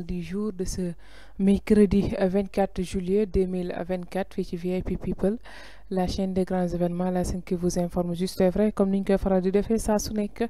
du jour de ce mercredi 24 juillet 2024 VIP People la chaîne des grands événements la chaîne qui vous informe juste et ñu koy faral di defee saa su nekk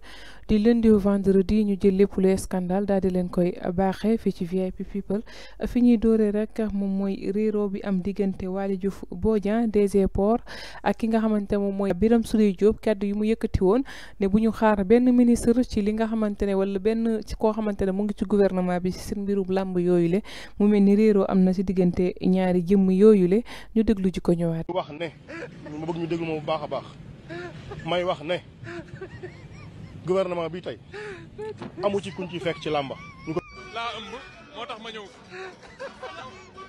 di lundi au vendredi ñu jël lépp lu scandale daal di leen koy baaxe fii ci VIP people fi ñuy dooree rek moom mooy réeroo bi am diggante Waly Diouf Bodian DG Port ak ki nga xamante moom mooy biram Souleye Diop kaddu yu mu yëkkati woon ne bu ñu xaar benn ministre ci li nga xamante ne wala benn ci koo xamante ne mu ngi ci gouvernement bi ci seen mbirum làmb yooyu le mu mel ni réeroo am na ci diggante ñaari jëmm yooyu le ñu déglu ji ko ñëwaat wax ne ma bëgg ñu déglu ma bu baax a baax may wax ne gouvernement bi tey amu ci kuñ ci fekk ci làmba laa ëmb moo tax ma ñëw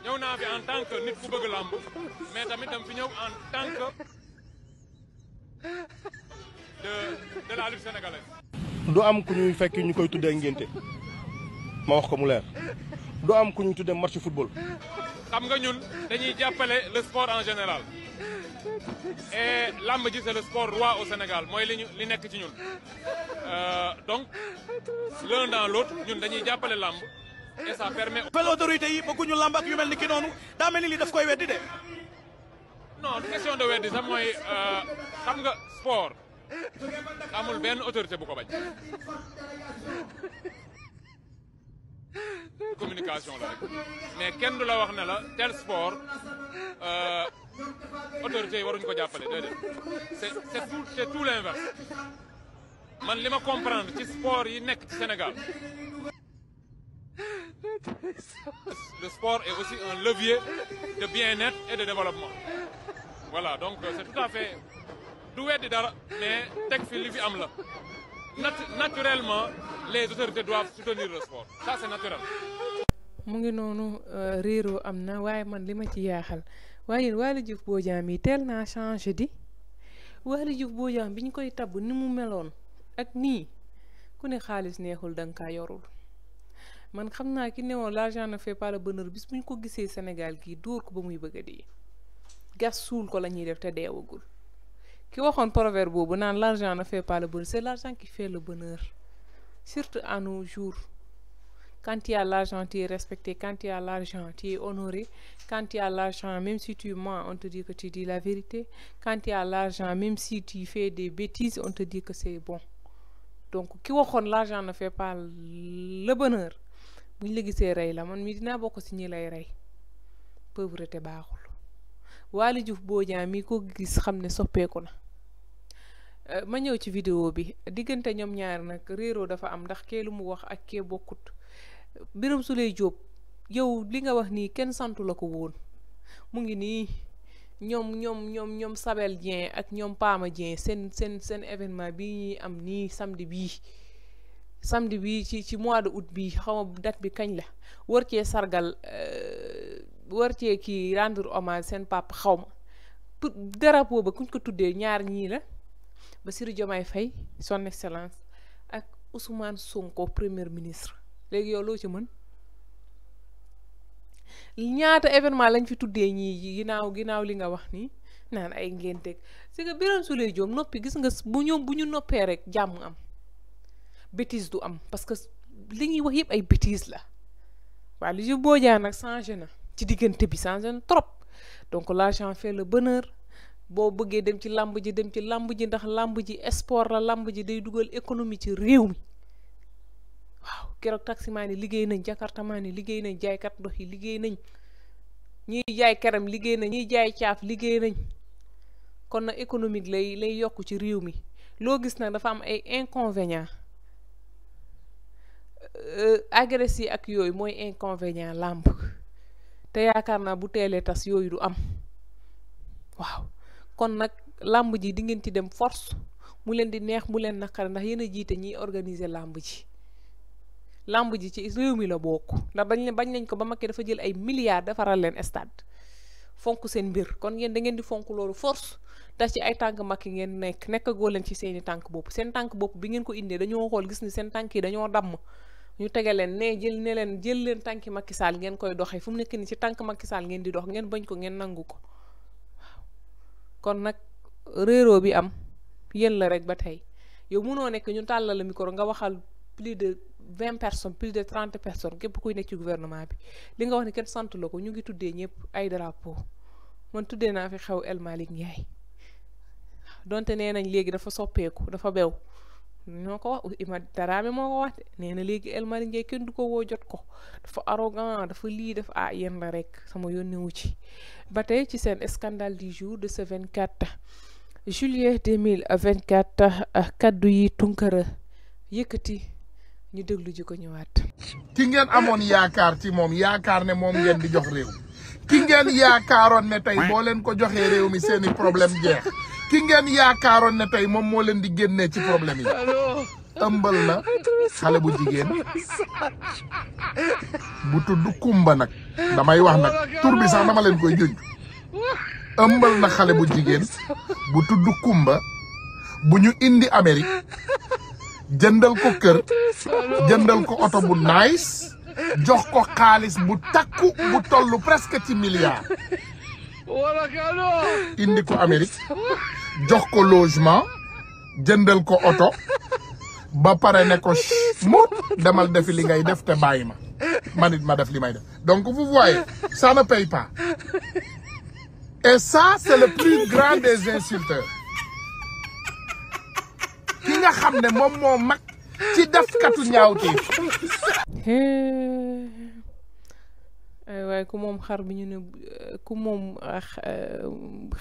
ñëw naa fi en tant que nit ku bëgg làmb mais tamit dam fi ñëw en tant que de de du am ku ñuy fekk ñu koy tuddee ngénte ma wax ko mu leer du am ku ñuy tuddee match football xam nga ñun dañuy jàppale le sport en général et làmb ji c'est le sport roi au Sénégal Moi li ñu li ci ñun euh, donc l'un dans l'autre ñun dañuy jàppale làmb et ça permet. fel autorité yi bëgguñu làmb ak yu mel ni ki noonu daa mel ni lii daf koy weddi non question de weddi sax mooy euh, xam nga sport amul bien autorité bu ko bañ. communication la rek mais kenn du la wax ne la tel sport. Euh, autorité waruñ ko jappalé déedéet c'est c'est tout c'est tout l'inverse man lima comprendre ci sport yi nek ci Sénégal le sport est aussi un levier de bien-être et de développement voilà donc euh, c'est tout à fait du weddi dara mais teg fi li fi am la naturellement les autorités doivent soutenir le sport ça c'est naturel mu ngi noonu euh, réeroo am na man lima ci yaaxal waaye yéen Waly Diouf Bodiang yi teel naa changé di Waly Diouf Bodiang bi ñu koy tabb ni mu meloon ak nii ku ne xaalis neexul da nga yorul man xam naa ki newoon l'argent ne fait pas le bonheur bis bu ñu ko gisee senegal gii dóor ko ba muy bëgg a dee gas suul ko la ñuy def te deewagul ki waxoon prover boobu naan l'argent ne fait pas le bonheur c'est l'argent qui fait le bonheur surtout en nos jours Quand tu as l'argent, tu respecté. Quand tu as l'argent, tu es honoré. Quand tu as l'argent, même si tu mens, on te que tu dis la vérité. Quand tu as l'argent, même si tu fais des bêtises, on te dit que c'est bon. Donc, ki waxoon l'argent ne fait pas le bonheur. buñ la gisee rey la man mi dinaa bokk si ñi lay rey pauvreté baaxul Waly Diouf Bodiang mi ko gis xam ne soppeeku na euh, ma ñëw ci vidéo bi diggante ñoom ñaar nag réeroo dafa am ndax kee lu mu wax ak kee bokkut birum sulay job, yow li nga wax ni ken santu lako won nyom mu ngi ni ñom ñom ñom ñom Sabel Dieng ak ñom pama Dieng sen sen sen événement bi ñuy am ni samedi bi samedi bi ci ci mois de août bi xaw date bi kagn la war sargal euh, war cee ki rendre hommage sen pap xaw drapeau ba kuñ ko tuddé ñaar ñi la ba sirou jomay fay son excellence ak Ousmane Sonko premier ministre légui yow lo ci mën ñaata événement lañ fi tuddé ñi ginaaw ginaaw li nga wax ni naan ay ngénteeg ci nga Birame Souleye jom nopi gis nga bu ñoom bu ñu noppé rek jamm am bêtise du am parce que li ñi wax yépp ay bêtise la wa li ju boja nak changé na ci digënté bi changé na trop donc l'argent fait le bonheur bo bëggé dem ci lamb ji dem ci lamb ji ndax lamb ji sport la lamb ji day dugal économie ci réew mi waaw keroog taximaan yi liggéey nañ jakartamaan yi liggéey nañ jaaykat ndox yi liggéey nañ ñiy jaay kerem liggéey nañ ñiy jaay caaf liggéey nañ kon nag économique lay lay yokk ci réew mi loo gis nag dafa am ay inconvénient euh, euh, agressé yi ak yooyu mooy inconvénient làmb te yaakaar naa bu teelee tas yooyu du am waaw kon nag làmb ji di ngeen ci dem force mu leen di neex mu leen naqare ndax yéen a jiite ñuy organiser làmb ji làmb ji ci réew mi la bokk ndax bañ bañ nañ ko ba Macky dafa jël ay milliards defaral leen stade fonk seen mbir kon ngeen da ngeen di fonk loolu force tax ci ay tànk Macky ngeen nekk nekk goo leen ci seen i tànk bopp seen tànk bi ngeen ko indee dañoo xool gis ni seen tànk yi dañoo damm ñu tege leen ne jël ne leen jël leen tànki Macky saal ngeen koy doxee fu nekk ni ci tànk Macky Sall ngeen di dox ngeen bañ ko ngeen nangu ko kon nag réeroo bi am yéen la rek ba tey yow munoo nekk ñu tàllal la micro nga waxal plus de vingt personnes plus de trente personne képp kuy nekk ci gouvernement bi li nga wax ne kenn sant la ko ñu ngi tuddee ñëpp ay drapeau man tuddee naa fi xew El Malick donte nee nañ léegi dafa soppeeku dafa bew ñoo ko wax Daraame moo ko wax de nee na léegi El Malick kenn du ko woo jot ko dafa arrogant dafa lii dafa ah yéen la rek sama yónnewu ci ba tey ci seen scandale di jour de ce 24 juillet 2024 kaddu yi tunkara yëkkati. ñu déglu ji ko ñëwaat. ki ngeen amoon yaakaar ci moom yaakaar ne moom ngeen di jox réew ki ngeen yaakaaroon ne tey boo leen ko joxee réew mi seeni problème jeex ki ngeen yaakaaroon ne tey moom moo leen di génnee ci problème yi ëmbal na xale bu jigéen bu tudd kumba nag damay wax nag tur bi sax dama leen koy juñ ëmbal na xale bu jigéen bu tudd kumba bu ñu indi Amérique jëndal ko kër jëndal ko oto bu nice jox ko xaalis bu takku bu toll presque ci milliard indi ko Amérique jox ko logement jëndal ko oto ba pare ne ko mut demal defi li ngay def te bàyyi ma man ma def li may def donc vous voyez ça ne paye et ça c'est le plus grand des insulteurs ki nga xam ne moom moo mag ci defkatu ñaawteef waaye ku moom xar bi ñu ne ku moom ah,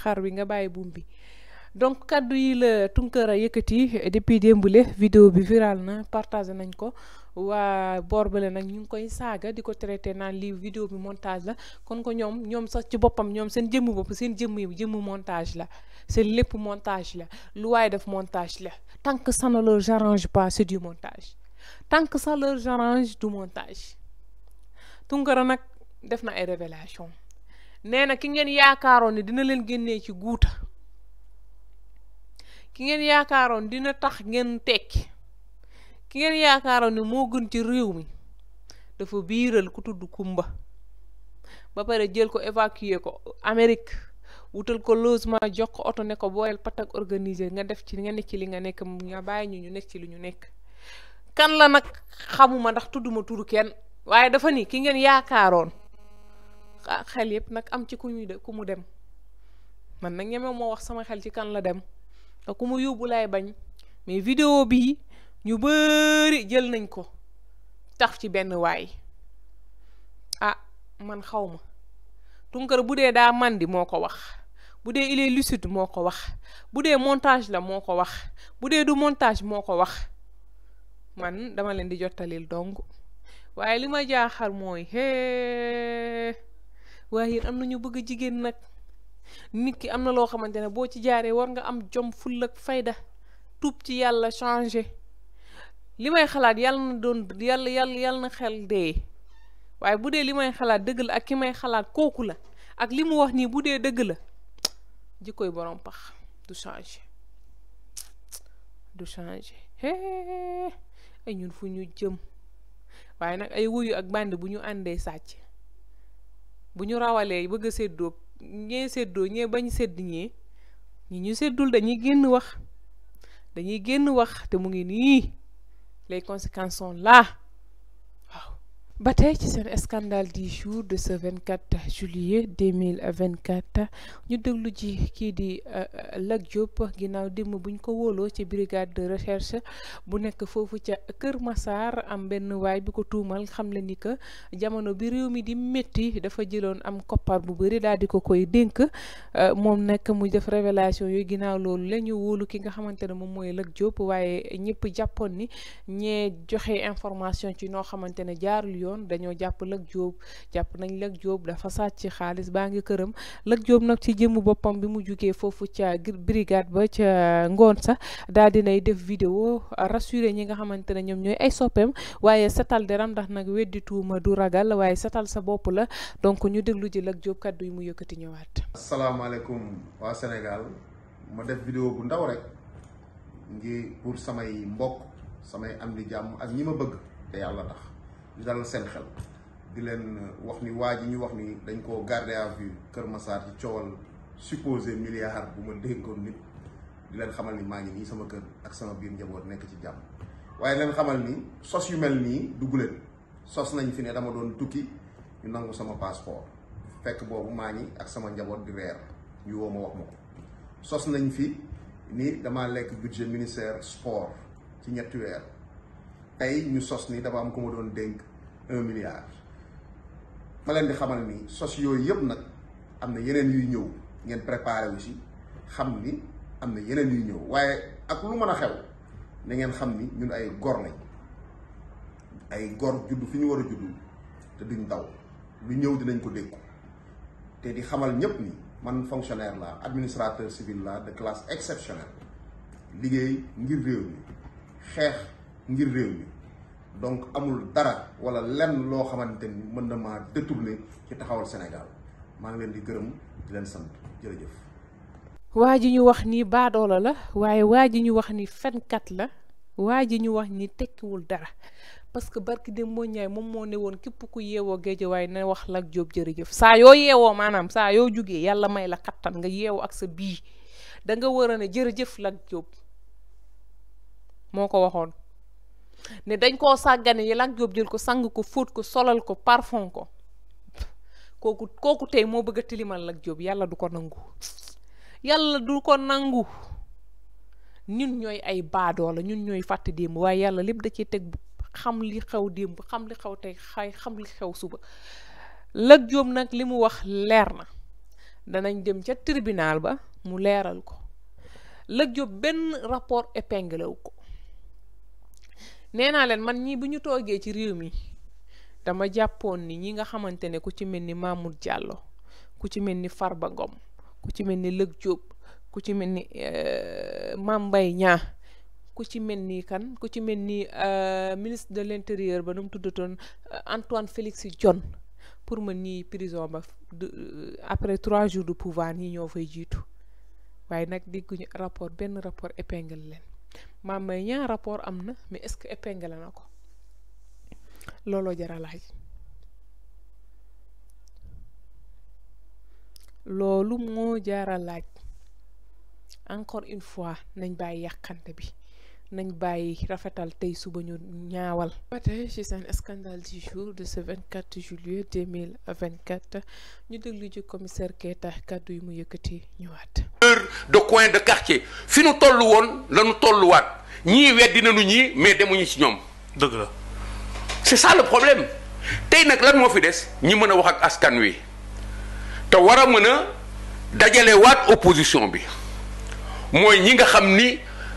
xar bi nga bàyyi buum bi donc kaddu yi la Tunkara yëkkati depuis démbule vidéo bi viral na partagé nañ ko waa boor bale nag ñu ngi koy saaga di ko traité naan lii vidéo bi montage la kon ko ñoom ñoom sax ci boppam ñoom seen jëmm bopp seen jëmm yi jëmmu montage la seen lépp montage la lu waaye def montage la tant que ça ne leur arrange pas du montage tant que ça leur du montage Tunkara nag def na ay révélation nee na ki ngeen yaakaaroon ne dina leen génnee ci guuta ki ngeen yaakaaroon dina tax ngeen tekki ki ngeen yaakaaroon ni moo gën ci réew mi dafa biiral ku tudd Kumba ba pare jël ko évacuer ko amerique wutal ko logement jox ko oto ne ko booleel patak organiser nga def ci nga ne ci li nga nekk nga bàyyi ñu ñu nekk ci li ñu nekk kan la nag xamuma ndax ma turu kenn waaye dafa ni ki ngeen yaakaaroon xel yépp nag am ci ku mu dem man nag ñeme moo wax sama xel ci kan la dem te ku mu yóbbu laay bañ mais vidéo bii ñu bëri jël nañ ko tax ci benn waay a ah, man xawma ma bu dee daa màndi moo ko wax bu dee il est moo ko wax bu dee montage la moo ko wax bu dee du montage moo ko wax man dama leen di jottalil dong waaye li ma jaaxal mooy hee waaye yéen am na ñu bëgg jigéen nag nit ki am na loo xamante ne boo ci jaaree war nga am jom ful ak fayda tuub ci yàlla changé li may xalaat yàlla na doon yàlla yàlla na xel dee waaye bu dee li may xalaat dëgg la ak ki may xalaat kooku la ak li mu wax nii bu dee dëgg la jikkoy borom pax du changé du ay ñun fu ñu jëm waaye nag ay wuyu ak bànd bu ñu àndee sàcc bu ñu rawalee bëgg a séddoo ñee séddoo ñee bañ sédd ñee ñi ñu séddul dañuy génn wax dañuy génn wax te mu ngi nii les conséquences sont là ba tey ci seen scandale du jour de ce 24 juillet 2024 ñu déglu ji kii di euh, Lat Diop ginnaaw démb buñ ko wóoloo ci brigade de recherche bu nekk foofu ca Kër masaar am benn waay bi ko tuumal xam le ni que jamono bi réew mi di métti dafa jëloon am koppar bu bëri daal di ko koy dénk euh, moom nag muy def révélation yooyu ginnaaw loolu la ñu wóolu ki nga xamante ne moom mooy Lat Diop waaye ñëpp jàppoon ni ñee joxe information ci noo xamante ne jaarul yoon dañoo jàpp Lat Diop jàpp nañ Lat Diop dafa sàcc xaalis baa ngi këram Lat Diop nag ci jëmm boppam bi mu jógee foofu ca brigade ba ca ngoon sax daal dinay def vidéo rassuré ñi nga xamante ne ñoom ñooy ay soppeem waaye setal deram ndax nag weddi ma du ragal waaye setal sa bopp la donc ñu déglu ji Lat Diop yi mu yëkkati ñëwaat. asalaamaaleykum waa Sénégal ma def vidéo bu ndaw rek ngi pour samay mbokk samay am di jàmm ak ñi ma bëgg te yàlla tax. di dalal seen xel di leen wax ni waa ji ñu wax ni dañ koo garder à vue Kër Massar ci coowal supposé milliard bu ma dénkoon nit di leen xamal ni maa ngi nii sama kër ak sama biir njaboot nekk ci jàmm waaye leen xamal ni sos yu mel nii dugg leen sos nañ fi ne dama doon tukki ñu nangu sama passeport fekk boobu maa ngi ak sama njaboot di reer ñu woo ma wax ma ko sos nañ fi ni dama lekk budget ministère sport ci ñetti weer tey ñu sos ni dama am ku ma doon dénk un milliard ma leen di xamal ni sos yooyu yëpp nag am na yeneen yuy ñëw ngeen préparé wu si xam ni am na yeneen yuy ñëw waaye ak lu mën a xew na ngeen xam ni ñun ay gor lañ ay gor judd fi ñu war a judd te duñ daw lu ñëw dinañ ko dékku te di xamal ñëpp ni man fonctionnaire la administrateur civil la de classe exceptionnelle liggéey ngir réew mi xeex. ngir réew mi donc amul dara wala lenn lo xamanteni mën na ma détourner ci taxawal Sénégal ma ngi leen di gërëm di leen sant jërëjëf. waa ñu wax ni baadoola la waaye waa ñu wax ni fenkat la waa ñu wax ni tekkiwul dara parce que barki dem mo ñay mom mo ne kep ku yewo géej way na wax lak job jërëjëf sa yo yewo manam sa yo jugee yalla may la kattan nga yewo ak sa bi da nga war jërëjëf lak job moko waxone ne dañ koo sàggane yi Lat jël ko sang ko fóot ko solal ko parfum ko kooku kooku tey moo bëgg a tilimal Lat Diop yàlla du ko nangu yàlla du ko nangu ñun ñooy ay baadoo la ñun ñooy fàtte démb waaye yàlla lépp da cee teg xam li xew démb xam li xew tey xay xam li xew suba Lat Diop nag li mu wax leer na danañ dem ca tribunal ba mu leeral ko Lat benn rapport épinglé wu ko nee naa leen man ñii bu ñu toogee ci réew mi dama jàppoon ni ñi nga xamante ne ku ci mel ni Mamour Diallo ku ci mel ni Farba Ngom ku ci mel ni Lëg Jóob ku ci mel ni euh, maam mbay Niang ku ci mel ni kan ku ci mel ni euh, ministre de l'intérieur ba nu mu tuddatoon euh, Antoine Félix Diome pour man ni prison ba après trois jours de pouvoir ñi ñoo fay jiitu waaye nag dégguñu rapport benn rapport épingle leen Mame Mbaye Niang rapport am na mais est-ce que épingle na ko looloo jar a loolu moo jar laaj encore une fois nañ bàyyi yàqante bi nañ bayyi rafetal tey suba ñu ñaawal. ba tey ci seen scandale du jour de ce 24 juillet 2024 ñu déglu ci commissaire Keita kaddu yu mu yëkkati ñëwaat. heure de coin de quartier fi nu toll woon la nu tolluwaat ñii weddi nañu ñii mais demuñu ci ñoom. dëgg la c'est ça le problème tey nag lan moo fi des ñi mën a wax ak askan wi te war a mën a dajalewaat opposition bi mooy ñi nga xam ni.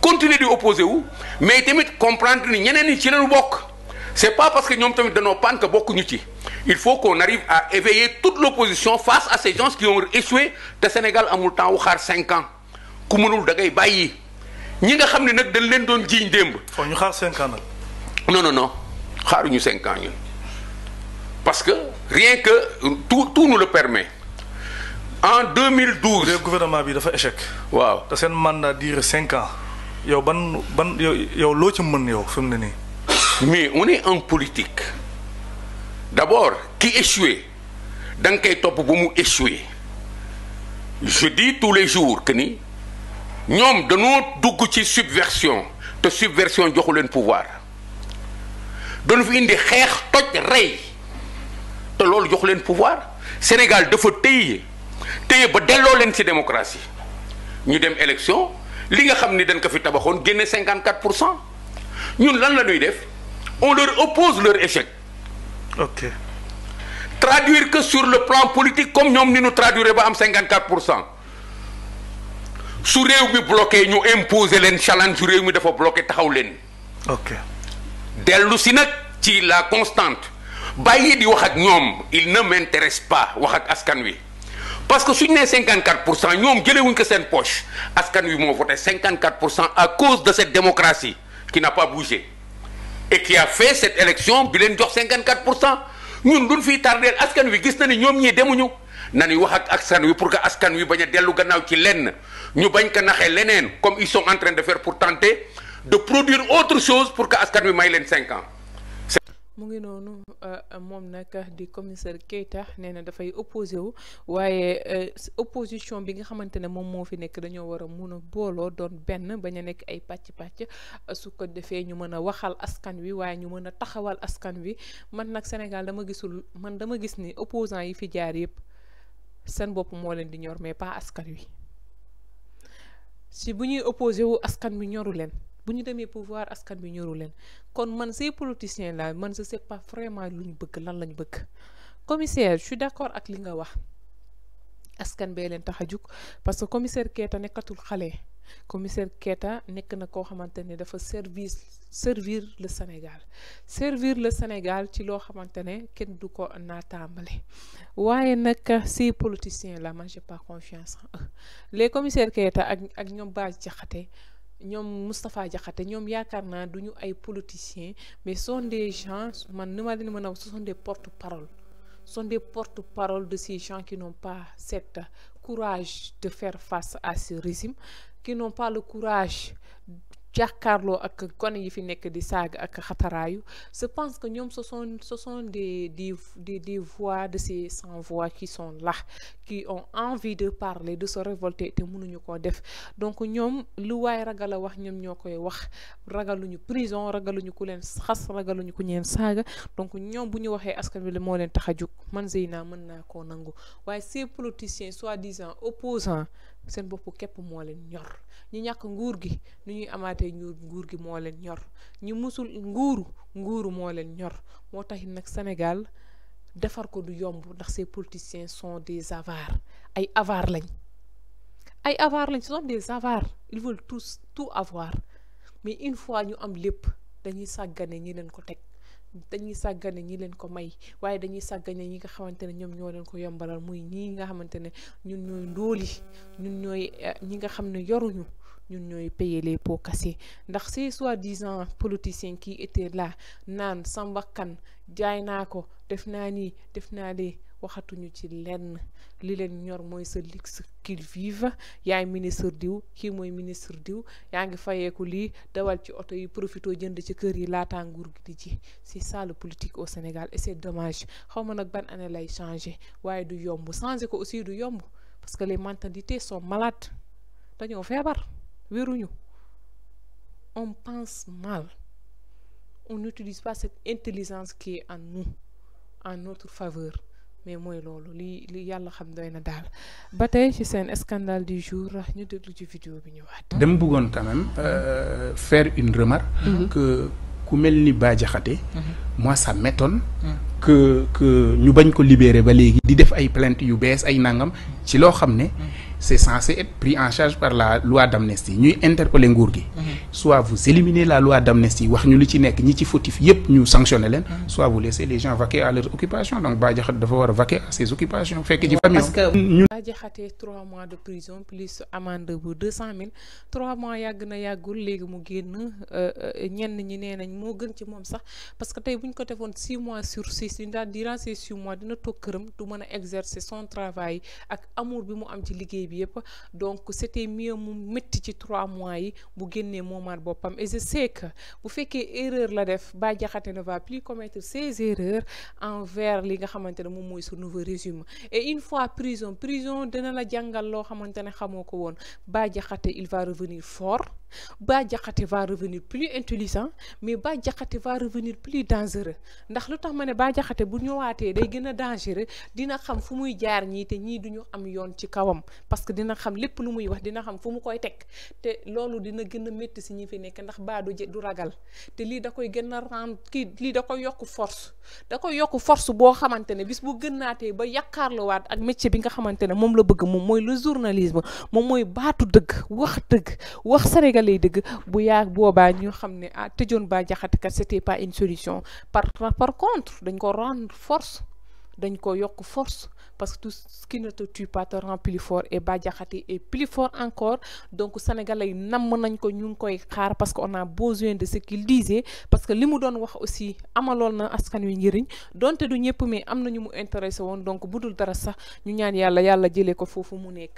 continuer di opposé wu mais tamit comprendre ni ñeneen ñi ci lañu bok c'est pas parce que ñom tamit danoo bokku ñu ci il faut qu'on arrive à éveiller toute l'opposition face à ces gens qui ont échoué te Sénégal amul temps wu xaar 5 ans ku mënul da ngay bàyyi ñi nga xamni nak dañ leen doon jiñ demb nous ñu xaar 5 ans nak non non non xaaruñu 5 ans ñun parce que rien que tout tout nous le permet. en 2012. le gouvernement bi dafa échec. waaw te sen mandat dire 5 ans mais on est en politique d'abord qui échoue dans je dis tous les jours que ni de subversion te subversion joxu pouvoir dañu fi indi xex toj rey te pouvoir Sénégal ci démocratie ñu élection li nga xamni fait dañ ko fi tabaxone génne 54 Nous, ñun lan la ñuy def on leur oppose leur échec. ok traduire que sur le plan politique comme ñom ni ñu traduire ba am 54 pour su réew bi bloqué ñu imposer len challenge su réew mi dafa bloqué taxaw len ok dellu si ci la constante bàyyi di wax ak ñom il ne m'intéresse pas wax ak askan wi parce que suñu nee 54 nous cent ñoom une wuñ ko seen poche askan wi moo voté 54 à cause de cette démocratie qui n'a pas bougé et qui a fait cette élection bi leen jox 54 Nous ne ñun duñ fiy tardeel askan wi gis na ni ñoom ñii demuñu nañuy wax ak askan wi pour que askan wi baña a gannaaw ci lenn ñu bañ ko naxé leneen comme ils sont en train de faire pour tenter de produire autre chose pour que askan wi may leen 5 ans. mu ngi noonu euh, moom nag di commissaire Keita nee na dafay opposé wu waaye euh, opposition bi nga xamante ne moom moo fi nekk dañoo war a mun a booloo doon benn bañ a nekk ay pàcc-pàcc su ko defee ñu mën a waxal askan wi waaye ñu mën a taxawal askan wi man nag Sénégal dama gisul man dama gis ni opposant yi fi jaar yëpp seen bopp moo leen di ñor mais pas askan wi si bu ñuy opposé wu askan wi ñoru leen bu ñu demee pouvoir askan bi ñoru leen kon man ces politiciens là man sa sais pas vraiment lu ñu bëgg lan lañu bëgg commissaire je suis d'accord ak li nga wax askan bee leen tax a jug parce que commissaire Keita nekkatul xale commissaire Keita nekk na koo xamante ne dafa service servir le Sénégal servir le Sénégal ci loo xamante ne kenn du ko naataambale waaye nag ces politiciens là man j'ai pas confiance en eux les commissaires Keita ak ak ñoom Bah Diakhaté ñom Moustapha Diakhaté ñom yakarna duñu ay politiciens mais sont des gens man dina mëna ce sont des porte-parole sont des porte-parole de ces gens qui n'ont pas cette courage de faire face à ce régime qui n'ont pas le courage carlo ak kon yi fi nek di saga ak je pense que nous ce sont ce sont des des voix de ces sans voix qui sont là qui ont envie de parler de se révolter mënuñu ko def donc nous lu wax nous prison ragaluñu ku nous xas ragaluñu ku nous donc ñom bu ñu askan bi mo man ces politiciens soi-disant opposants seen boppu képp moo leen ñor ñu ñàkk nguur gi ñu ñuy amaatee nguur nguur gi moo leen ñor ñu musul nguuru nguuru moo leen ñor moo tax nag Sénégal defar ko du yomb ndax ces politiciens son des avares ay avares lañ ay avares lañ ce sont des avares ils veulent tous tout avoir mais une fois ñu am lépp dañuy sàggane ñi leen ko teg. dañuy sàggane ñi leen ko may waaye dañuy sàggane ñi nga xamante ne ñoom ñoo leen ko yombalal muy ñii nga xamante ne ñun ñooy ndóol ñun ñooy eh, ñi nga xam ne yoruñu ñun ñooy payer les pots cassés ndax ces soi-disant politiciens qui étaient la naan Samba jaay naa ko def naa nii def naa lee waxatuñu ci lenn li leen ñor mooy sa luxe qu'ils vivent yaay ministre diw kii mooy ministre diw yaa ngi fayeeku lii dawal ci oto yi profito jënd ci kër yi laata nguur gi di ji c'est ça le politique au Sénégal et c'est dommage xaw ma nag ban année lay changer waaye du yomb changer ko aussi du yomb parce que les mentalités sont malades dañoo feebar wéruñu on pense mal on n'utilise pas cette intelligence qui est en nous en notre faveur mais moi loolu li li yalla xam doyna dal batay ci sen scandale du jour ñu déglu ci vidéo bi ñëwaat. dama bëggoon quand même euh, faire une remarque. Mm-hmm. que ku melni ba Bah mm-hmm. moi ça m'étonne. Mm. que que ñu bañ ko libérer ba légui di def ay plainte yu bees ay nangam ci loo xam c'est censé être pris en charge par la loi d'amnistie ñuy interpeller nguur gi mhm. soit vous éliminez la loi d'amnistie wax ñu li ci nekk ñi ci fautif yépp ñu sanctionner leen mhm. soit vous laissez les gens vaquer à leurs occupations donc Bah Diakhaté dafa war vaquer à ses occupations fekk parce que Bah Diakhaté trois mois de prison plus amende de deux cent trois mois yàgg na yàggul léegi mu génn euh, euh, ñenn ñi nee nañ moo gën ci moom sax parce que tey bu ñu ko defoon six mois sursis daal durant ces six mois dina toog këram du mën a exercer son travail ak amour bi mu am ci liggéey bi donc c'était mieux mu métti ci trois mois yi bu mon moomaat boppam et je sais que bu que erreur la def Bah Diakhaté ne va plus commettre ses erreurs envers li nga xamante ne moom sur nouveau résumé et une fois prison prison de la jàngal loo xamante ne xamoo ko woon Bah il va revenir fort Bah Diakhaté va revenir plus intelligent mais Bah Diakhaté va revenir plus dangereux ndax lu tax ma ne Bah Diakhaté bu ñëwaatee day gën a dangereux dina xam fu muy jaar ñii te ñii duñu am yoon ci kawam parce que dina xam lépp lu muy wax dina xam fu mu koy teg te loolu dina gën a métti si ñi fi nekk ndax Bah du du ragal te lii da koy gën a kii lii da koy yokk force da koy yokk force boo xamante ne bis bu gënaatee ba yàkkaarloowaat ak métier bi nga xamante ne moom la bëgg moom mooy le journalisme moom mooy baatu dëgg wax dëgg sénégalais deug bu yaa boba ñu xamné ah tëjoon ba jaxate kat c'était pas une solution par par contre dañ ko rendre force dañ ko yok force parce que tout ce qui ne te tue pas te rend plus fort et Bah Diakhaté est plus fort encore donc sénégalais yi namm nañ ko ñu koy xaar parce que on a besoin de ce qu'il disait parce que limu mu wax aussi amalol na askan wi njëriñ donte du ñëpp mais amna ñu mu intéressé won donc bu dara sax ñu ñaan yalla yalla jëlé ko fofu mu nekk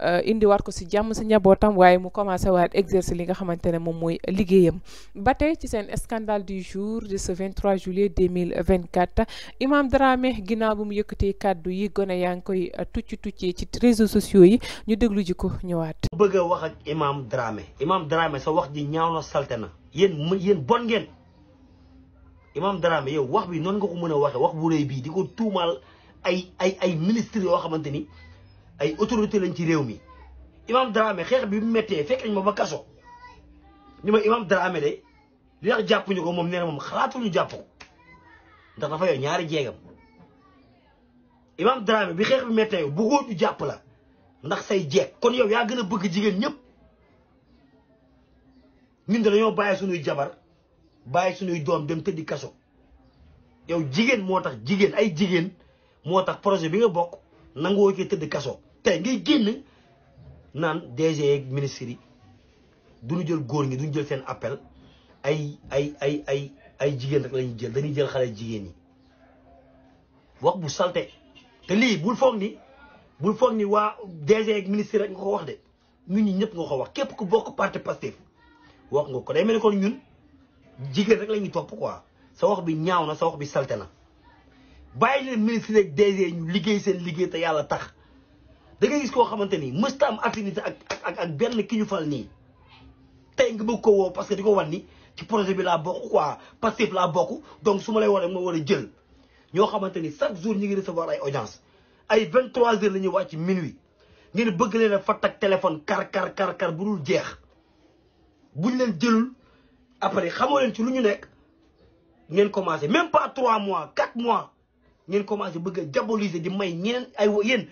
euh, indiwaat ko ci jamm si njabootam waye mu commencé waat exercer li nga xamantene mom moy mooy liggéeyam ba ci sen scandale du jour de ce 23 juillet 2024 Imam Dramé ginnaaw bu mu yëkëté cadeau yi. gone yaa ngi koy euh, tucc tuccee ci réseaux sociaux yi ñu déglu ji ko waat ñëwaat. bëgg a wax ak imam Dramé imam Dramé sa wax ji ñaaw na salte na yéen yéen bon ngeen imam Dramé yow wax bi noonu nga ko mën a wax bu rëy bii di ko tuumaal ay ay ay ministres yoo xamante ni ay autorité lañ ci réew mi imam Dramé xeex bi mu méttee fekk nañ ma ba kaso ni ma imam Dramé de li tax jàppuñu ko moom nee na moom xalaatuñu jàpp ko ndax dafa yow ñaari jéegam. imam drame bi xex bi mété bu go ñu japp la ndax say jek kon yow ya gëna bëgg jigen ñëpp ñun dañu baye suñu jabar baye suñu doom dem teddi kasso yow jigen motax jigen ay jigen motax projet bi nga bok nango ci teddi kasso tay ngay genn nan DG ak ministry duñu jël goor ñi duñu jël seen appel ay ay ay ay ay jigen rek lañu jël dañuy jël xalé jigen yi wax bu salté te lii bul foog ni bul foog ni waa DG ak ministre rek nga ko wax de ñun ñi ñëpp nga ko wax képp ku bokk parti Pastef wax nga ko day ñun jigéen rek la ñuy topp quoi sa wax bi ñaaw na sa wax bi salte na bàyyi leen ministre ak DG ñu liggéey seen liggéey te yàlla tax da nga gis koo xamante ni mësta am affinité ak ak benn ki ñu fal nii te nga bëgg ko woo parce que di ko wan ni ci projet bi laa bokk quoi Pastef laa bokk donc su ma lay war ma war a jël ñoo xamanteni chaque jour ñi ngi recevoir ay audience ay 23 heures la ñuy wàcc minuit ngeen bëgg leen a fatt ak téléphone kar kar kar kar bu dul jeex buñ leen jëlul après xamoo leen ci lu ñu nekk ngeen commencé même pas 3 mois 4 mois ngeen commencé bëgg a diaboliser di may ñeneen ay yeen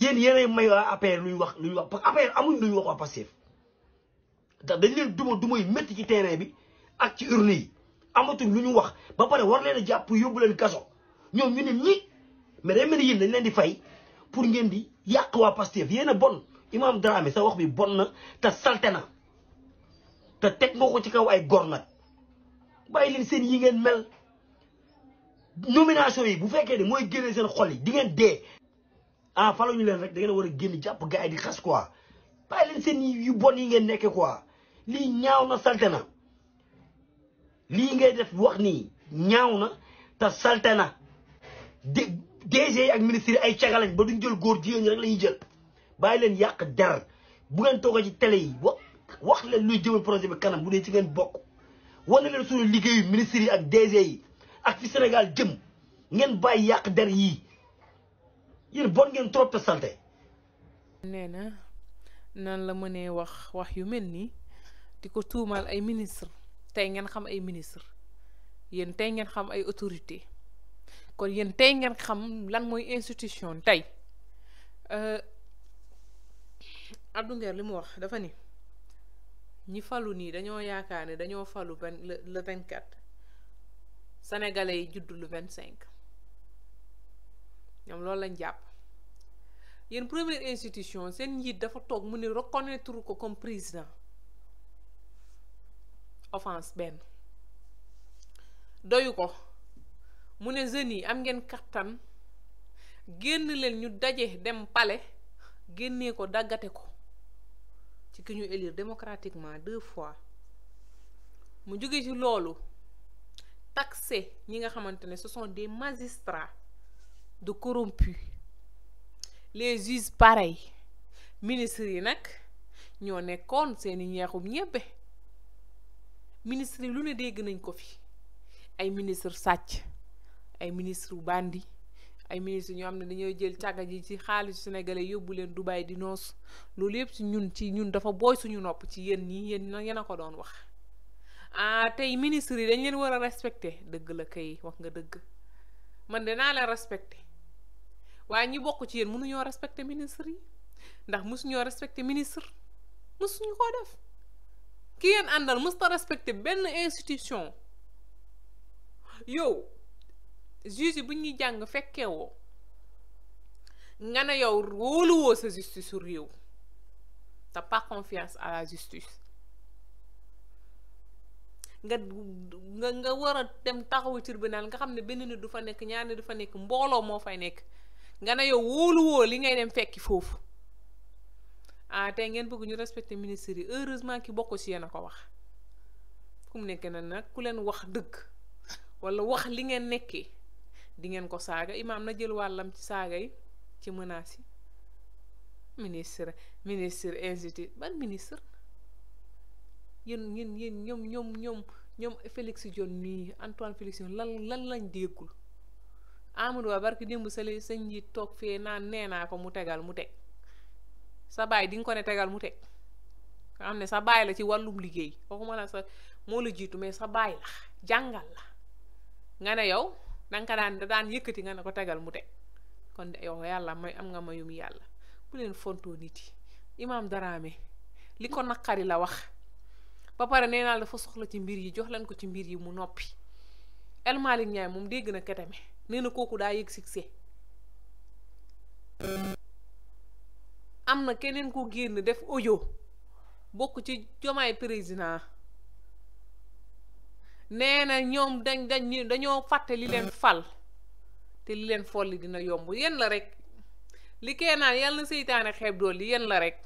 yeen yéenay may waa APR luy wax lu wax parce que APR amuñ luy wax waa Pastef ndax dañ leen duma duma yu métti ci terrain bi ak ci urne yi amatuñ lu ñu wax ba pare war leen a jàpp yóbbu leen kaso Nyon yon ni ni. Mer eme di yon nan nende fay. Poun yon di. Yak wapas tef. Yon nan bon. Imam Drame sa wak bi bon nan. Tata saltenan. Tata tek mo kwa chika wak ay gornat. Bay linsen yon gen mel. Nominasyon yon. Bou feke li. Mwen genye sen kholi. Dinye de. Ah, a falon yon len rek. Denye wane genye jap. Gaya di kash kwa. Bay linsen ni. Yon bon yon gen neke kwa. Li nya wana saltenan. Li yon gen tef wak ni. Nya wana. Tata saltenan. DG yi ak ministre yi ay cagalañ ba duñ jël góor jigéen ñi rek la ñuy jël bàyyi leen yàq der bu ngeen toogee ci télé yi wax wax leen luy jëmal projet bi kanam bu dee ci ngeen bokk wane leen suñu liggéeyu ministre yi ak DG ak fi Sénégal jëm ngeen bàyyi yàq der yi yéen bon ngeen trop te salte nee na nan la mënee wax wax yu mel nii di ko tuumaal ay ministre tey ngeen xam ay ministre yéen tey ngeen xam ay autorité kon yéen tey ngeen xam lan mooy institution tey euh, Abdou Nguer li mu wax dafa ni ñi falu nii dañoo yaakaar ne dañoo falu vingt le vingt quatre sénégalais yi juddu le vingt cinq ñoom loolu lañ jàpp yéen première institution seen njiit dafa toog mu ne reconnaître ko comme président offense benn doyu ko mu ne jeunes yi am ngeen kattan génn leen ñu daje dem pale génnee ko daggate ko ci ki ñu élire démocratiquement deux fois mu jóge ci loolu taxé ñi nga xamante ne ce sont des magistrats de corrompus les juges pareils ministres yi nag ñoo nekkoon seeni ñeexum ñebbe ministres yi lu ne dégg nañ ko fi ay ministres sàcc ay ministre bandi ay ministre ñoo xam ne dañoo jël càgga yi ci xaalis sénégalais yóbbu leen Dubaï di noos loolu yëpp ci ñun ci ñun dafa booy suñu nopp ci yéen ñii yéen yéen a ko doon wax ah tey ministre yi dañ leen war a respecté dëgg la kay wax nga dëgg man de naa leen respecté waaye ñi bokk ci yéen mënuñoo respecté ministre yi ndax mësuñoo respecté ministre mësuñu koo def ki yéen àndal mësta respecté benn institution yow juge yi bu ñuy jàng fekkee woo nga ne yow wóoluwoo sa justice su réew t'as pas confiance à la justice nga nga nga war a dem taxawu tribunal nga xam ne benn nit du fa nekk ñaar nit du fa nekk mbooloo moo fay nekk nga ne yow wóoluwoo li ngay dem fekki foofu ah tey ngeen bëgg ñu respecter ministre yi heureusement ki bokk ci yéen a ko wax fu mu nekk na nag ku leen wax dëgg walla wax li ngeen nekkee dingeen ko saaga imaam na jël wàllam ci saaga yi ci menaces yi ministre ministre institut ban ministre yéen yéen yéen ñoom ñoom ñoom ñoom Félix Diome nii Antoine Félix Diome lan lan lañ déggul Amadou Ba barki démb sa njiit toog fee naan nee naa ko mu tegal mu teg sa baay di nga ko ne tegal mu teg nga xam ne sa baay la ci wàllum liggéey waxuma la sa moo la jiitu mais sa baay la jàngal la nga ne yow danga daan da daan yëkkati nga ne ko tegal mu teg kon yow yàlla may am nga mayum yàlla bu leen fontoo nit yi imaam Daraame li ko naqari la wax ba pare nee naa dafa soxla ci mbir yi jox leen ko ci mbir yi mu noppi El Malick moom dégg na ketame nee na kooku daa yëg succès am na keneen koo génn def audio bokk ci jomaay président nee na ñoom dañ dañ dañoo fàtte li leen fal te li leen folli dina yomb yéen la rek li kee naan yàlla na seytaane xeeb dool li yéen la rek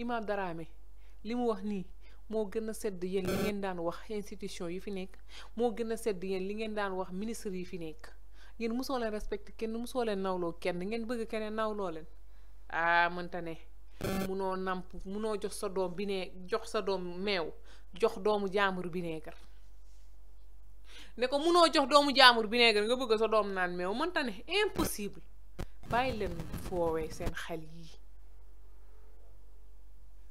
imaam Daraame li mu wax nii moo gën a sedd yéen li ngeen daan wax institution yi fi nekk moo gën a sedd yéen li ngeen daan wax ministre yi fi nekk ngeen mosoo leen respecté kenn mosoo leen nawloo kenn ngeen bëgg keneen nawloo leen ah mënta ne nàmp namp noo jox sa doom bi ne jox sa doom meew jox doomu jàmbur bi neegar ne ko munoo jox doomu jaamur vinaigre nga bëgg sa doom naan meew mënta ne impossible bàyyi leen foowee seen xel yi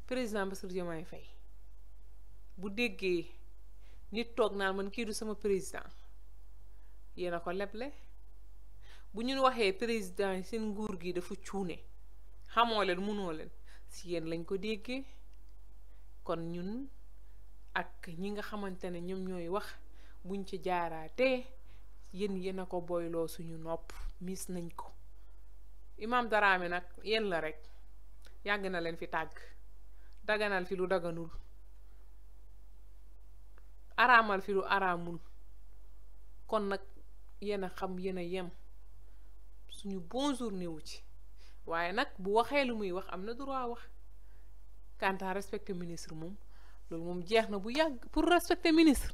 président Bassirou Diomaye Faye bu déggee nit toog naan man kii du sama président yéen a ko leble bu ñu waxee président seen nguur gi dafa cuune xamoo leen munoo leen si yéen lañ ko déggee kon ñun ak ñi nga xamante ne ñoom ñooy wax buñ ci jaaraatee yéen yéen a ko boyloo suñu nopp miis nañ ko imaam Daraame nag yéen la rek yàgg na leen fi tàgg daganal fi lu daganul araamal fi lu araamul kon nag yenn xam yéen yem suñu bon bonjour néewu ci waaye nag bu waxee lu muy wax am na droit wax quant à ministre moom loolu moom jeex na bu yàgg pour respecter ministre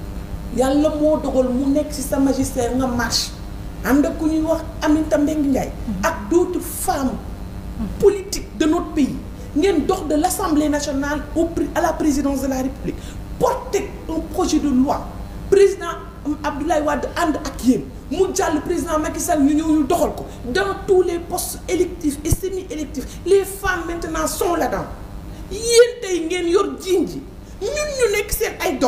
yalla y dogal mu nekk ci sa magistère nga marche ànd ak ñuy wax Aminata Mbengue d'autres femmes politiques de notre pays ngeen dox de l'Assemblée nationale à la présidence de la République porter un projet de loi président Abdoulaye Wade and ak yéen mu président Macky Sall ñu ñu doxal ko dans tous les postes électifs et semi-électifs les femmes maintenant sont là-dedans Ils sont là yor Ils sont ñun ñu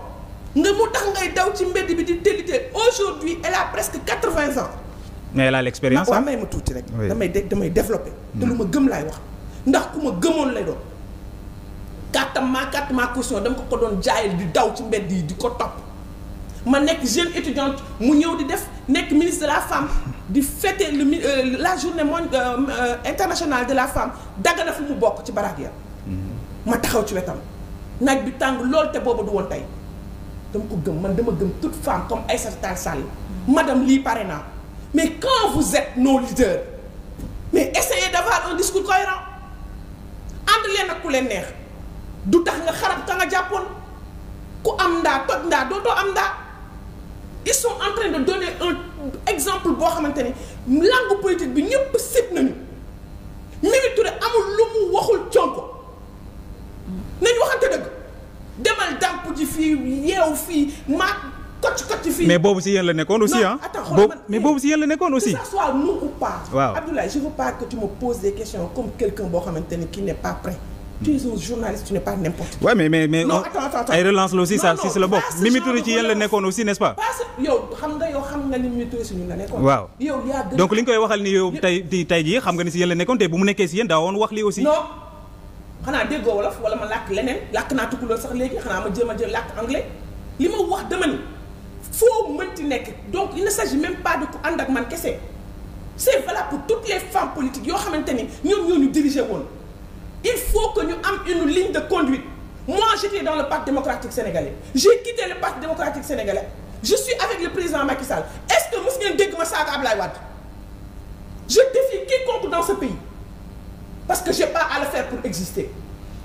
nga mu tax ngay daw ci mbedd bi di déliter aujourd'hui elle a presque 80 ans. mais elle a l'expérience waaw hein? may ma tuuti rek. damay dé damay développer. te lu ma gëm laay wax ndax ku ma gëmoon lay doon. kàttam maa kàttam maa caution dama ko ko doon jaayal di daw ci mbedd yi di ko topp ma nekk jeune étudiante mu ñëw di def nekk ministre de la femme di fêter le euh, la journée mondiale euh, internationale de la femme dagana fu mu bokk ci baraak ya mhm. ma taxaw ci wetam naaj bi tàng lool te boobu du woon tey dama gëm man dama gëm toute femme comme Aïssata Tall Sall madame Li pare mais quand vous êtes nos leaders mais essayez d'avoir un discours cohérent ànd leen ak ku leen neex du tax nga xarab ka nga jàppoon ku am ndaa toj ndaa dootoo am ndaa ils sont en train de donner un exemple boo xamante langue politique bi ñëpp sib nañu Mimi Touré amul lu waxul Sonko nañu waxante dëgg demal dàmp ji fii yeew fii maak kocc kocc fii. mais boobu si yéen la nekkoon aussi hein mais eh, boobu si yéen la nekkoon aussi. que ça soit nous ou pas. waaw Abdoulaye je veux pas que tu me poses des questions comme quelqu'un boo xamante qui n'est pas prêt. tu es un journaliste tu n'es pas n'importe qui. Ouais, mais mais mais non ay relance le aussi ça si si la bokk. Mimi Touré ci yéen la nekkoon aussi n'est-ce pas. parce que yow xam nga yow xam nga ni Mimi Touré si ñun la nekkoon. donc li nga koy waxal ni yow tay tay jii xam nga ni si yéen la nekkoon tey bu mu nekkee si yéen da woon wax lii aussi. non xanaa déggoo wolof wala ma làkk leneen làkk naa tukuloo sax léegi xanaa ma jéem a jël làkk anglais li ma wax dama ni foo mënti nekk donc il ne s'agit même pas de tout. ànd ak man kese c'est valable pour toutes les femmes politiques yoo xamante ni ñoom ñoo ñu diriger woon il faut que nous am une ligne de conduite moi j'étais dans le parti démocratique sénégalais j'ai quitté le parti démocratique sénégalais je suis avec le président Macky Sall est-ce que mos ngeen dégg ma saaga Ablaye Wade je défie quiconque dans ce pays parce que j'ai pas à le faire pour exister.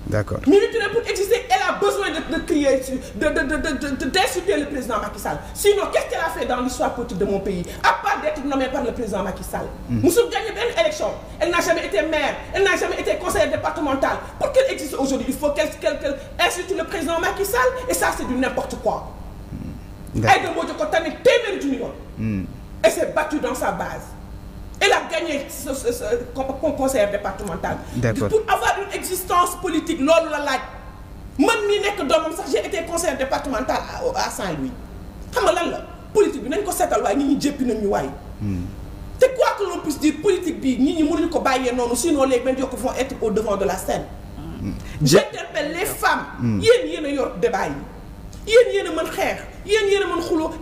D'accord. Mais pour exister, elle a besoin de, de crier, d'insulter le président Macky Sall. Sinon, qu'est-ce qu'elle a fait dans l'histoire politique de mon pays À part d'être nommée par le président Macky Sall. Mm-hmm. Nous sommes gagnés une élection. Elle n'a jamais été maire, elle n'a jamais été conseillère départementale. Pour qu'elle existe aujourd'hui, il faut qu'elle insulte le président Macky Sall. Et ça, c'est du n'importe quoi. Elle de de témène du million. Elle s'est battue dans sa base. Elle a gagné ce, départemental. Pour avoir une existence politique, non, la j'ai été conseiller départemental à, Saint-Louis. la politique, hmm. C'est quoi que l'on puisse dire, politique, nous ne pas sinon vont être au devant de la scène. Hmm. J'interpelle les femmes, et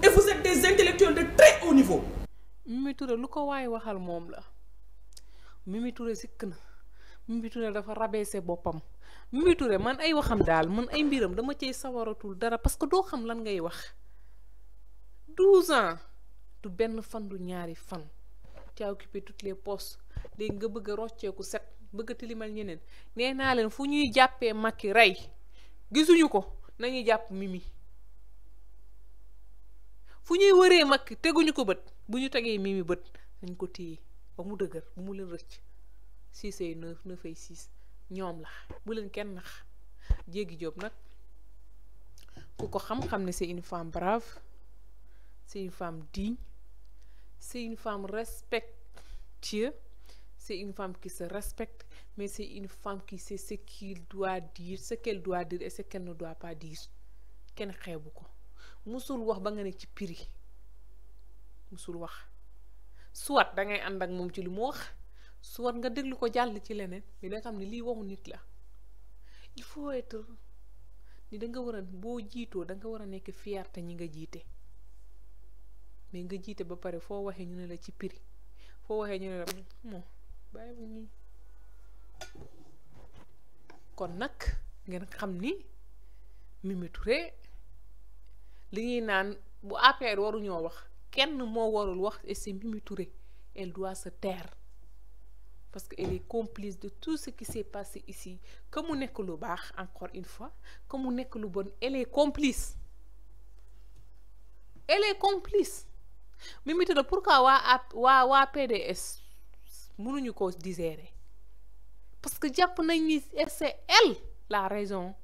vous êtes des intellectuels de très haut niveau. Mimi Touré lu ko waay waxal moom la Mimi Touré sikk na Mimi Touré dafa se boppam Mimi Touré man ay waxam daal man ay mbiram dama cey sawaratul dara parce que doo xam lan ngay wax douze ans du benn fan du ñaari fan ca as occupé toutes les postes léegi nga bëgg a rocceeku set bëgg tilimal ñeneen nee naa leen fu ñuy jàppee mag Macky rey gisuñu ko nañu jàpp Mimi fu ñuy wëree ki teguñu ko bët bu ñu tegee mii mi bët nañ ko téye ba mu dëgër bu mu leen rëcc six ay neuf ay six ñoom la bu leen kenn nax jéggi jóob nag ku ko xam-xam ne c'est une femme brave c'est une femme digne c'est une femme respectueuse c'est une se respecte mais c'est une femme qui sait doit dire ce qu'elle doit dire et ce qu'elle doit pas dire kenn xeebu ko musul wax ba nga ne ci piri musul wax soit dangay ànd ak moom ci lu mu wax soit nga déglu ko jàll ci leneen mais da xam ne lii waxu nit la il faut être ni da war a boo jiitoo da nga war a nekk fierté ñi nga jiite mais nga jiite ba pare foo waxee ñu ne la ci prix foo waxee ñu ne la moom bàyyi bu ñuy kon nag ngeen xam ni Mimi Touré li ñuy naan bu APR waruñoo wax elle doit se taire parce qu'elle est complice de tout ce qui s'est passé ici Comme on est le bar encore une fois comme on est le bon elle est complice elle est complice Mimi pourquoi wa a appelé PDS nous ko digérer parce que c'est elle la raison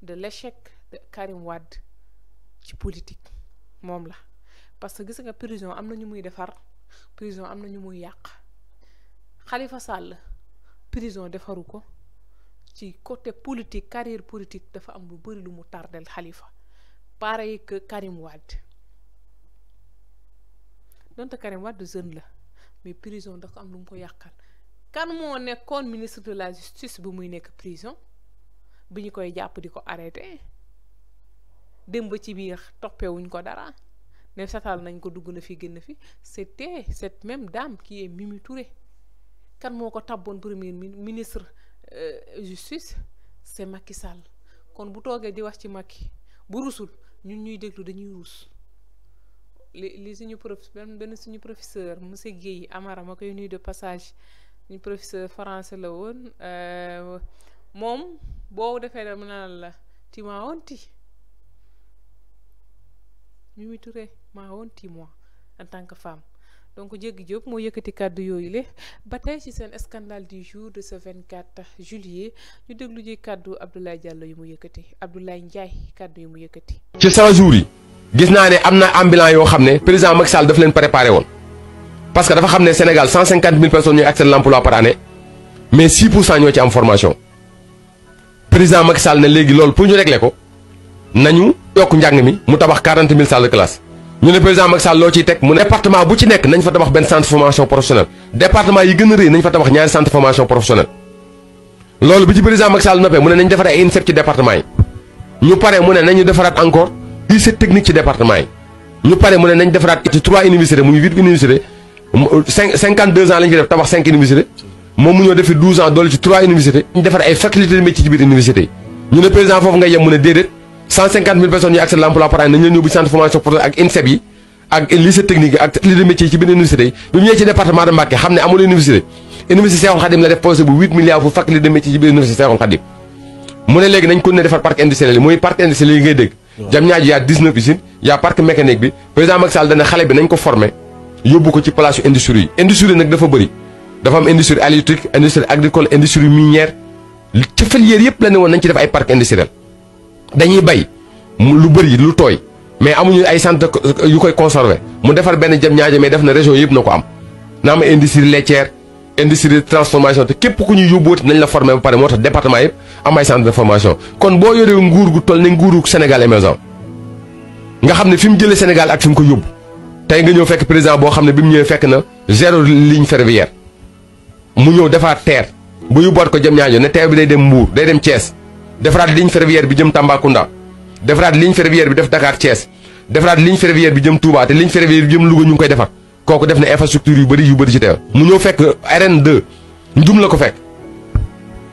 de l'échec de Karim Wad du politique moom la parce que gis nga prison am na ñu muy defar prison am na ñu muy yàq Khalifa Sall prison defaru ko ci côté politique carrière politique dafa am lu bëri lu mu tardel Khalifa pareil que Karim Wade donte Karim Wade jeune la mais prison ko am lu mu ko yàqal kan moo nekkoon ministre de la justice bu muy nekk prison bi ñu koy jàpp di ko arrêté démb ci biir toppewuñ ko dara ne satal nañ ko dugg na fi génn fi c'était cette même dame qui est Mimi Touré kan moo ko tabboon premier ministre euh, justice c'est Macky sàll kon bu toogee di wax ci Macky bu rusul ñun ñuy déglu dañuy ruus li li suñu prof benn suñu professeur monsieur Guèye Amara ma koy nuyu de passage ñu professeur français la woon euh, moom boo defee da mu naan la timawanti Mimi Touré maa woon moi en tant que femme donc Diégui djop mo yëkëti kàddu yoyilé le ci sen scandale du jour de ce 24 juillet ñu déglu ji kàddu Abdoulaye Diallo yu mu cadeau Abdoulaye Ndiaye que yu mu Ce ci 100 jours yi gis na né amna na yo xamné président Macky Sall daf leen préparé woon parce que dafa xamné Sénégal 150 000 personnes ñooy accès l'emploi par année mais 6 pour ñoo ci am formation président Macky Sall ne légui lool pour ñu régler ko. nañu yokk njàng mi mu tabax 40 000 salles de ñu ne président Macky Sall loo ciy teg mu ne département bu ci nekk nañ fa tabax benn centre formation professionnelle département yi gën a fa tabax ñaari centre formation professionnelle loolu bi ci président Macky Sall noppee mu ne nañ defaraat ay INSEP ci département yi ñu pare mu ne nañu defaraat encore lycée technique ci département yi ñu pare mu ne nañ defaraat ci 3 universités muy 8 universités ñu fi def tabax 5 universités moom mu ñëw defi nga yem mu 150 000 personnes yi accès à l'emploi par an nañ leen yóbbu centre formation pour ak INSEP yi ak lycée technique yi ak lycée de métier yi ci benn université yi bi mu ñëwee ci département de Mbacké xam ne amul université université Cheikhoul Khadim la def projet bu 8 milliards pour faculté de métier ci biir université Cheikhoul Khadim mu ne léegi nañ ko ne defar parc industriel yi mooy parc industriel yi ngay dégg jam ñaaju yaa 19 usines yaa parc mécanique bi président Macky Sall dana xale bi nañ ko former yóbbu ko ci place yu industrie yi industrie nag dafa bëri dafa am industrie halieutique industrie agricole industrie minière ci filière yëpp la ne woon nañ ci def ay parc industriel dañuy bay lu bëri lu tooy mais amuñu ay sant euh, yu koy conserver mu defar benn jëm ñaajo mais def na région yëpp na ko am na am industrie laitière industrie de transformation te képp ku ñuy yóbbooti nañ la former ba pare moo tax département yëpp am ay centre de kon boo yoree nguur gu toll ne nguuru Sénégal émergent nga xam ne fi mu jëlee Sénégal ak fi mu ko yóbbu tey nga ñëw fekk président boo xam ne bi mu ñëwee fekk na zéro ligne ferroviaire mu ñëw defaat terre bu yóbbuwaat ko jëm ñaajo ne terre bi day dem Mbour day dem Thiès defaraat ligne ferroviaire bi jëm Tambacounda defaraat ligne ferroviaire bi def Dakar Thiès defaraat ligne ferroviaire bi jëm Touba te ligne ferroviaire bi jëm Louga ñu ngi koy defar kooku def na infrastructure yu bëri yu bëri ci teew mu ñëw fekk RN2 njum la ko fekk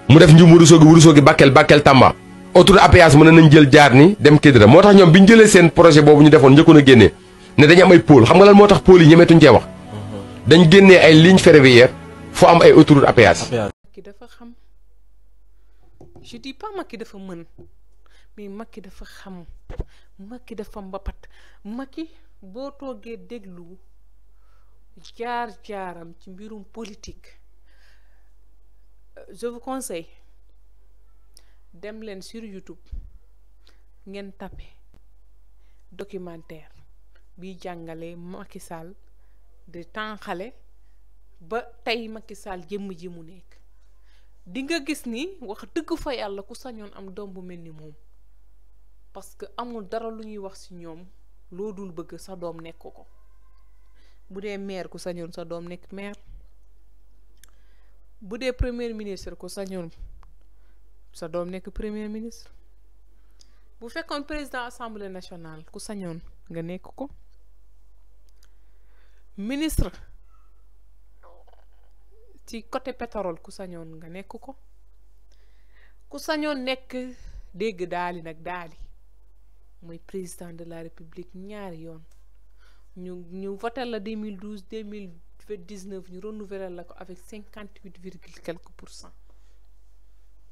mu def njum Ourossogui Ourossogui Bakel Bakel Tamba autour à péage mën nañ jël jaar ni dem Kédira moo tax ñoom bi ñu jëlee seen projet boobu ñu defoon njëkkoon a génnee ne dañu am ay pôle xam nga lan moo tax pôle yi ñemeetuñ cee wax mhm. dañ génnee ay ligne ferroviaire foo am ay autoroute à je dis pas Macky dafa mën mais makki dafa xam Macky dafa mbapat Macky boo toogee déglu jaar jaaram ci mbirum politik euh, je vous conseille dem leen sur YouTube ngeen tapé documentaire bi jàngale Macky Sall de ba tey Macky Sall jëmm ji mu nekk. di nga gis ni wax dëgg fa yàlla ku sañoon am doom bu mel ni moom parce que amul dara lu ñuy wax ci ñoom loo dul bëgg sa doom nekk ko bu dee maire ku sañoon sa doom nekk maire bu dee premier ministre ku sañoon sa doom nekk premier ministre bu fekkoon président assemblée nationale ku sañoon nga nekk ko ministre ci côté pétrole ku sañoon nga nekk ko ku sañoon nekk dégg daali nag daali mooy président de la république ñaari yoon ñu ñu voté la 2012 2019 ñu renouvelé la ko avec 58 virgule quelque pour cent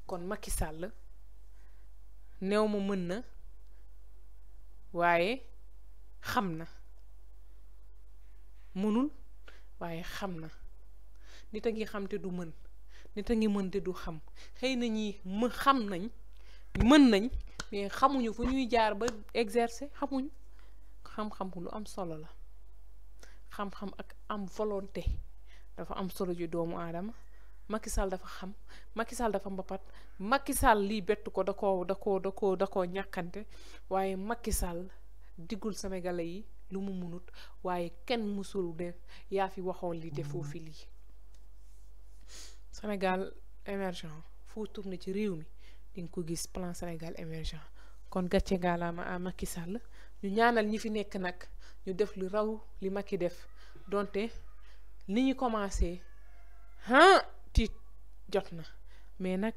kon Macky Sall néew ma mën na waaye xam na mënul waaye xam na. nit a ngi xam te du mën nit a ngi mën te du xam xëy na ñii mu xam nañ mën nañ xamuñu fu ñuy jaar ba exercer xamuñu xam-xam lu am solo la xam-xam ak am volonté dafa am solo ji doomu aadama Macky Sall dafa xam Macky dafa mbapat Macky Sall lii bett ko da koo da koo da koo ñàkkante waaye Macky Sall diggul Sénégalais yi lu mu munut waaye kenn mësul def yaa fi waxoon lii defoo fi lii Sénégal émergent foo na ci réew mi di nga ko gis plan Sénégal émergent kon gàcce ngaalaama à Macky Sall ñu ñaanal ñi fi nekk nag ñu def lu raw li Macky def donte li ñu commencé ah tiit jot na mais nag.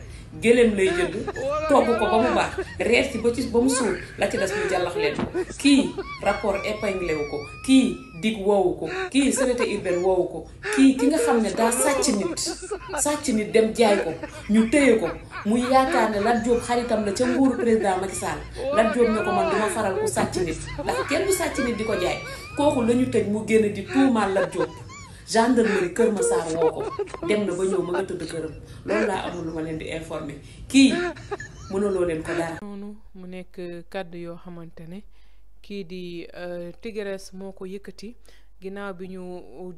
gëléem lay jënd togg ko ba mu baax reer ci ba ci ba mu suur la ci des ñu jàllax ko kii rapport épinglé wu ko kii dig woowu ko kii santé urbaine woowu ko kii ki nga xam ne daa sàcc nit sàcc nit dem jaay ko ñu téye ko mu yaakaar ne Lat Diop xaritam la ca nguuru président Macky Sall Lat Diop ne ko man duma faral ku sàcc nit ndax kenn du sàcc nit di ko jaay kooku la ñu tëj mu génn di tuumaal Lat Diop gendarmerie Kër Massar woo ko dem na ba ñëw ma nga tëdd këram loolu laa amul lu ma leen di informer kii mënuloo leen ko dara. noonu mu nekk kàddu yoo xamante ne kii di euh, Tigres moo ko yëkkati ginnaaw bi ñu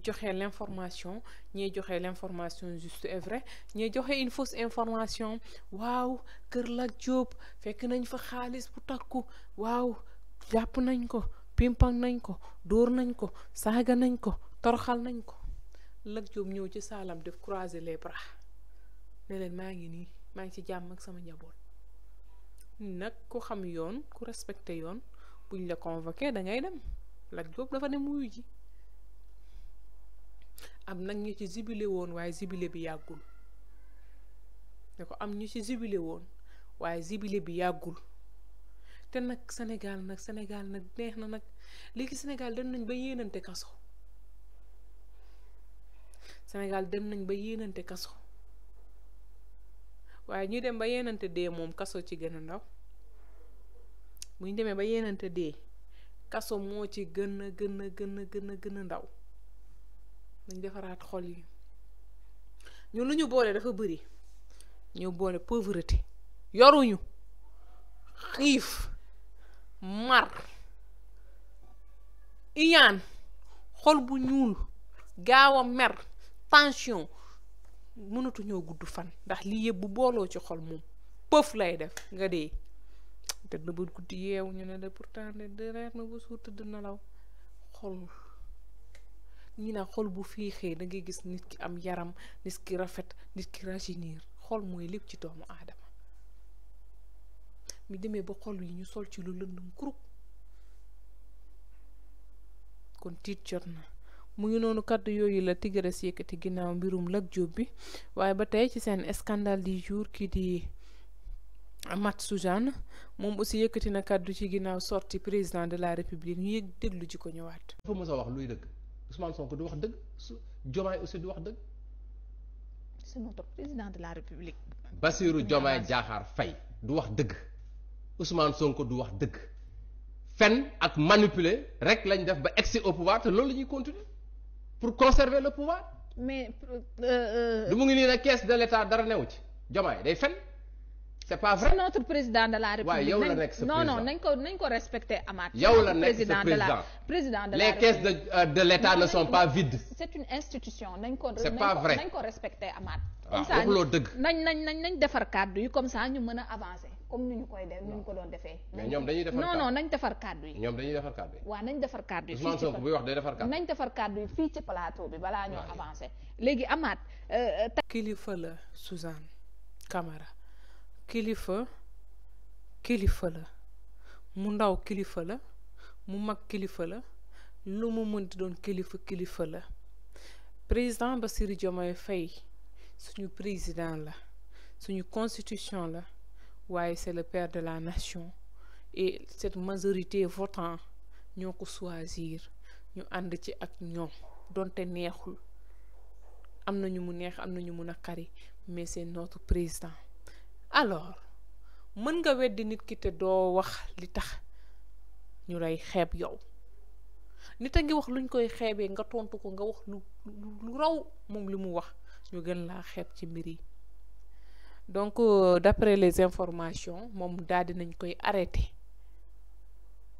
joxe l' information ñiy joxe l' information juste et vrai joxe une fausse information waaw Kër la Diop fekk nañ fa xaalis bu takku waaw jàpp nañ ko pimpang nañ ko dóor nañ ko saaga nañ ko toroxal nañ ko. Lat Diop ñëw ci saalam def croiser les bras ne maa ngi nii maa ngi ci jàmm ak sama njaboot nag ku xam yoon ku respecté yoon buñ la convoqué da ngay dem Lat Diop dafa dem wuyu ji am nag ñu ci jubilé woon waaye jubilé bi yàggul ne ko am ñu ci jubilé woon waaye jubilé bi yàggul te nag Sénégal nag Sénégal nag neex na nag léegi Sénégal dem nañ ba yéenante kaso Sénégal dem nañ ba yéenante kaso waaye ñu dem ba yéenante dee moom kaso ci gën a ndaw bu ñu demee ba yéenante dee kaso moo ci gën gën a gën gën ndaw dañ defaraat xol yi ñun lu ñu boole dafa bëri ñu boole pauvreté yoruñu xiif mar iñaan xol bu ñuul gaaw a mer tension mënatu ñoo gudd fan ndax li yëpp bu booloo ci xol moom pëf lay def nga dee tëdd ba guddi yeewu ñu ne la pourtant de reer na ba suur tëdd nelaw xol ñi ne xol bu fiixee da ngay gis nit ki am yaram nit ki rafet nit ki rajeunir xol mooy lépp ci doomu aadama mi demee ba xol yi ñu sol ci lu lënd kuruk kon tiit jot na mu ngi noonu kàddu yooyu la Tigres yëkkati ginnaaw mbirum Lat jóob bi waaye ba tey ci seen scandale du jour kii di Mat Soujane moom aussi yëkkati na kàddu ci ginnaaw sorti président de la république ñu yëg déglu ji ko waat dafa mës a wax luy dëgg Ousmane Sonko du wax dëgg su Diomaye aussi du wax dëgg. c'est notre de la république. Bassirou Diomaye Diakhar Faye du wax dëgg Ousmane Sonko du wax dëgg fen ak manipuler rek lañ def ba egsi au pouvoir te loolu la ñuy continuer. pour conserver le pouvoir. mais. Euh, euh, lu mu ngi caisse de l'État dara Jamais. ci c'est pas vrai. c'est notre président de la République. non non nañ ko Amad. ko respecter yow président de la République. les caisses de euh, de l'État ne sont pas vides. c'est une institution c'est pas vrai nañ ko respecter Amath. Ah, comme ça nañ nañ nañ defar comme ça ñu mën avancer. comme ni ñu koy def ni ñu ko doon defee. mais ñoom dañuy defar non non nañ defar kàddu yi. ñoom dañuy defar kàddu yi. waaw nañ defar kàddu yi. Ousmane Sonko buy wax day defar defar kàddu yi fii ci plateau balaa ñoo avancé léegi amaat. Euh, euh, kilifa la Suzanne Camara kilifa kilifa la mu ndaw kilifa la mu mag kilifa la lu mu mënti doon kilifa kilifa la président Bassirou Diomaye Faye suñu président la suñu constitution la. waaye c'est le père de la nation et cette majorité votant ñoo ko choisir ñu ànd ci ak ñoom donte neexul am na ñu mu neex am na ñu mu naqari mais c'est notre président alors mën nga weddi nit ki te doo wax li tax ñu lay xeeb yow nit a ngi wax luñ koy xeebee nga tontu ko nga wax lu lu raw moom li mu wax ñu gën laa xeeb ci mbir yi. donc euh, d'après les informations moom daal di nañ koy arrêté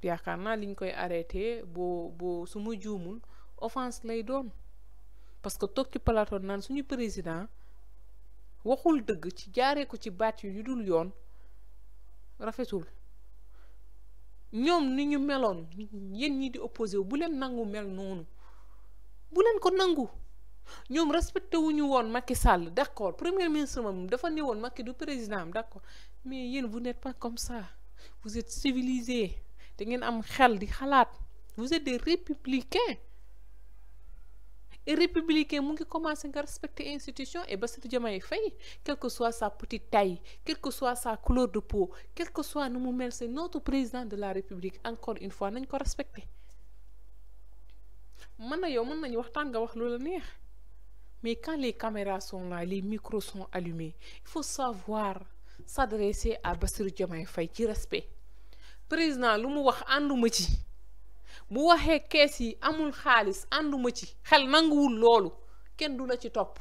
yaakaar naa liñ koy arrêté boo boo suma ma juumul offense lay doon parce que toog ci plateau naan suñu président waxul dëgg ci jaaree ko ci baat yu dul yoon rafetul ñoom ni ñu meloon yéen ñi di opposé wu bu leen nangu mel noonu buleen ko nangu. Nous respecté wuñu que woon Macky Sall premier ministre moom dafa ne woon Macky du président d'accord, mais vous n'êtes pas comme ça vous êtes civilisés, am xel di vous êtes des républicains et républicain mu ngi commencé nga respecter institution et Bassirou Diomaye fait, quelle que soit sa petite taille quelle que soit sa couleur de peau quel que soit nous mu c'est notre président de la république encore une fois nañ ko respecté mën na yow mën nañu waxtaan nga wax loola Mais quand les caméras sont là, les micros sont allumés, il faut savoir s'adresser à Bassirou Diomaye fay ci respect président lu mu wax ànduma ci bu waxee kees yi amul xaalis ànduma ci xel nanguwul loolu kenn du la ci topp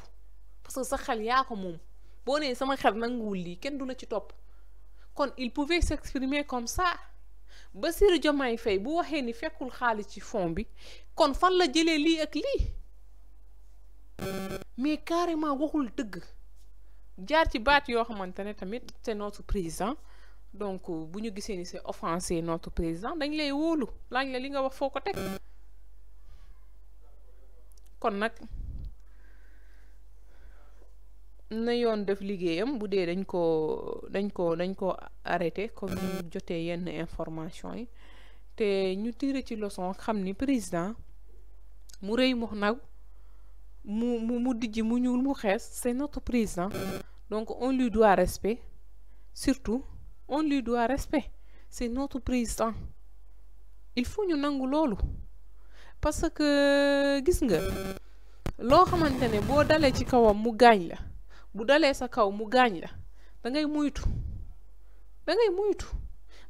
parce que sa xel yaa ko moom boo nee sama xel nanguwul lii kenn du la ci topp kon il pouvait s'exprimer comme ça Bassirou Diomaye fay bu waxee ni fekkul xaalis ci fond bi kon fan la jëlee lii ak lii mais carrément waxul dëgg jaar ci baat yoo xamante ne tamit c'est notre président donc euh, bu ñu gisee ni c'est offensé notre président dañ lay wóolu laaj la li nga wax foo ko teg kon nag na yoon def liggéeyam bu dee dañ ko dañ ko dañ ko arrêté comme ñu jotee yenn information yi te ñu tiire ci leçon xam ni président mu rëy mox nag mu mu mu dijj mu ñuul mu xees c'est notre président donc on lui doit respect surtout on lui doit respect c'est notre président il faut ñu nangu loolu parce que gis nga loo xamante ne boo dalee ci kawam mu gaañ la bu dalee sa kaw mu gaañ la da ngay muytu da ngay muytu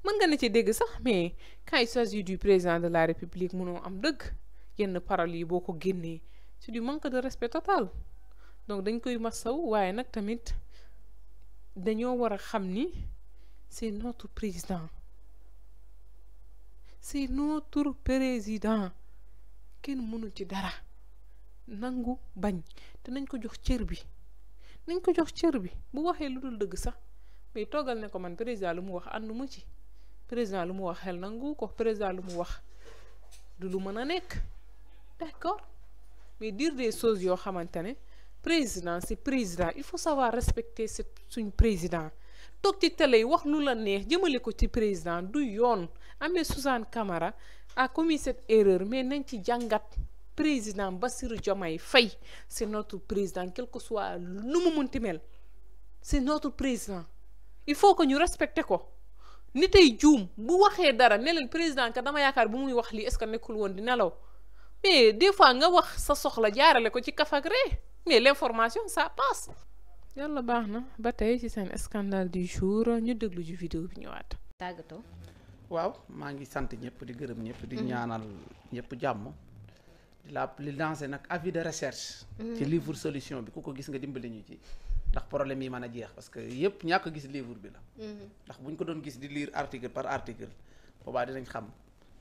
mën nga na ci dégg sax mais quand il s'agit du président de la république mënoo am dëgg yenn paroles yi boo ko génnee c'est du manque de respect total donc dañ koy masaw waaye nag tamit dañoo war a xam ni c'est notre président c'est notre président kenn mënul ci dara nangu bañ te nañ ko jox cër bi nañ ko jox cër bi bu waxee lu dul dëgg sax mais toogal ne ko man président lu mu wax ànduma ci président lu mu wax xel nangu ko président lu mu wax du lu mën a nekk d'accord mais dire des choses yoo xamante ne président c'est président il faut savoir respecter ce suñ président toog ci télé yi wax lu la neex jëmale ko ci président du yoon amee Suzanne Camara a commis cette erreur mais nañ ci jàngat président ba Bassirou Diomaye fay c'est notre président quel que soit nu mu munti mel c'est notre président il faut que ñu respecter ko nitay juum bu waxee dara ne leen président ka dama yaakaar bu muy wax lii est nekkul woon di nelaw mais des fois nga wax sa soxla jaarale ko ci mais l'information ça passe. Yalla scandale du jour ñu ci vidéo bi waaw ngi di gërëm di mm-hmm. ñaanal di la de recherche. Mm-hmm. ci livre solution bi gis nga dimbali ñu ci. ndax problème yi a parce que gis livre bi la. Mm-hmm. ndax article par article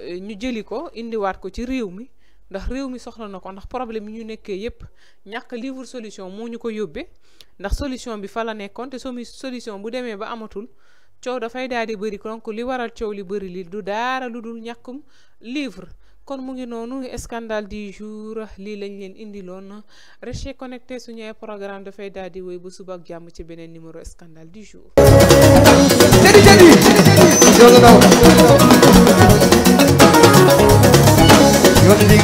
Euh, ñu jëli ko indiwaat ko ci réew mi ndax réew mi soxla na ko ndax problème yi ñu nekkee yépp ñàkk livre solution moo ñu ko yóbbee ndax solution bi fa la nekkoon te somi solution bu demee ba amatul coow dafay daal di bëri donc li waral coow li bari li du daara lu dul ñàkkum livre kon mu ngi noonu scandale di jour lii lañ leen indiloon restez connecté suñu ay programme dafay daal di wéy ba suba ak jàmm ci beneen numéro scandale du jour. tandis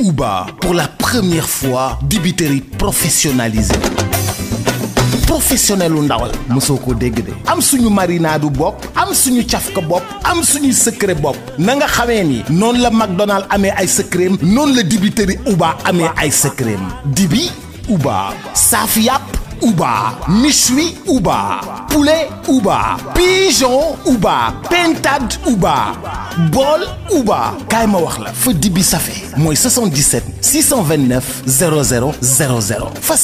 uba pour la première fois, dibiterie professionnalisé. professionnel ndawal de am suñu marinade am secret na nga ni McDonald non ay Non la Uba dibi Uba. safiap Ouba, Michui Ouba, poulet Ouba, pigeon Ouba, pentade Ouba, bol Ouba. kaay ma wax la fa 77 629 0000, 00 fa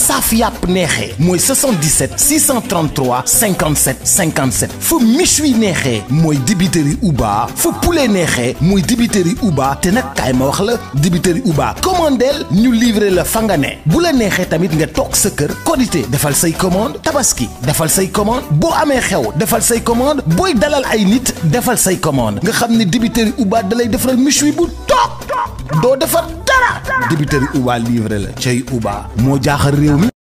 Moi 77 633 57 57 Fou Michui Nehe Moi dibiteri Ouba Fou poulet neexee mooy dibiteri Ouba te nag kaay wax la dibiteri Ouba Commandel, nous livrer le fangané. boule ne bu tamit nga Tok qualité, kër qualité defal say commonde tabaski defal say commande boo amee xew defal say commonde booy dalal ay nit defal say commande nga xam ne débiteurs ubaa Uba da lay defaral méchoui bu toog doo defar dara débiteurs yi Uba la cay Uba moo jaaxal réew mi